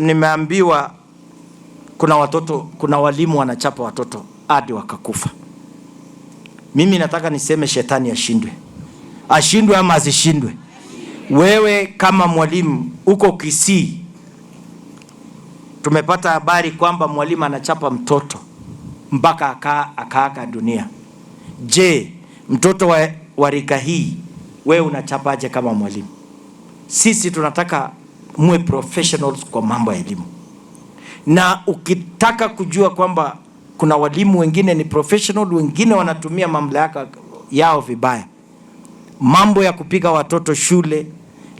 nimeambiwa kuna watoto, kuna walimu wanachapa watoto hadi wakakufa. Mimi nataka niseme shetani ashindwe, ashindwe ama azishindwe Wewe kama mwalimu uko Kisii, tumepata habari kwamba mwalimu anachapa mtoto mpaka akaaga aka dunia. Je, mtoto wa, wa rika hii wewe unachapaje kama mwalimu? Sisi tunataka muwe professionals kwa mambo ya elimu, na ukitaka kujua kwamba kuna walimu wengine ni professional, wengine wanatumia mamlaka yao vibaya. Mambo ya kupiga watoto shule,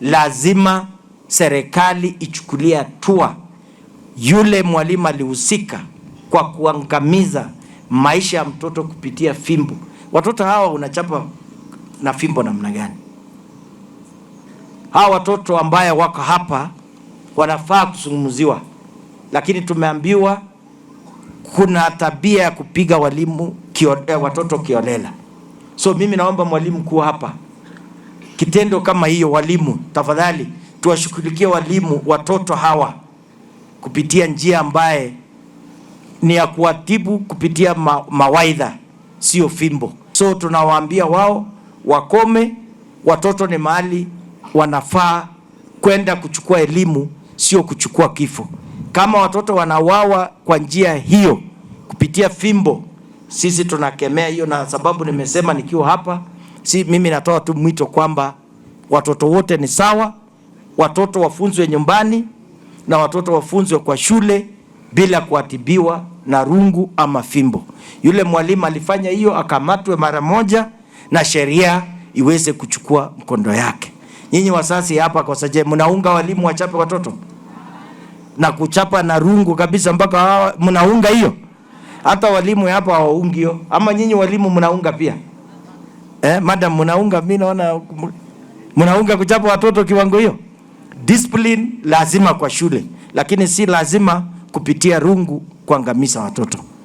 lazima serikali ichukulie hatua. Yule mwalimu alihusika kwa kuangamiza maisha ya mtoto kupitia fimbo. Watoto hawa unachapa na fimbo namna gani? hawa watoto ambaye wako hapa wanafaa kuzungumziwa, lakini tumeambiwa kuna tabia ya kupiga walimu kio, eh, watoto kiolela. So mimi naomba mwalimu kuwa hapa, kitendo kama hiyo, walimu tafadhali, tuwashughulikie walimu watoto hawa kupitia njia ambaye ni ya kuatibu kupitia ma, mawaidha, sio fimbo. So tunawaambia wao wakome, watoto ni mahali wanafaa kwenda kuchukua elimu, sio kuchukua kifo. Kama watoto wanawawa kwa njia hiyo kupitia fimbo, sisi tunakemea hiyo, na sababu nimesema nikiwa hapa, si mimi natoa tu mwito kwamba watoto wote ni sawa, watoto wafunzwe nyumbani na watoto wafunzwe kwa shule bila kuatibiwa na rungu ama fimbo. Yule mwalimu alifanya hiyo, akamatwe mara moja na sheria iweze kuchukua mkondo yake. Nyinyi wazazi hapa kwa sasa, mnaunga walimu wachape watoto na kuchapa na rungu kabisa, mpaka mnaunga hiyo. Hata walimu hapa hawaungi hiyo, ama nyinyi walimu mnaunga pia eh? Madam mnaunga, mimi naona mnaunga kuchapa watoto kiwango hiyo. Discipline lazima kwa shule, lakini si lazima kupitia rungu kuangamiza watoto.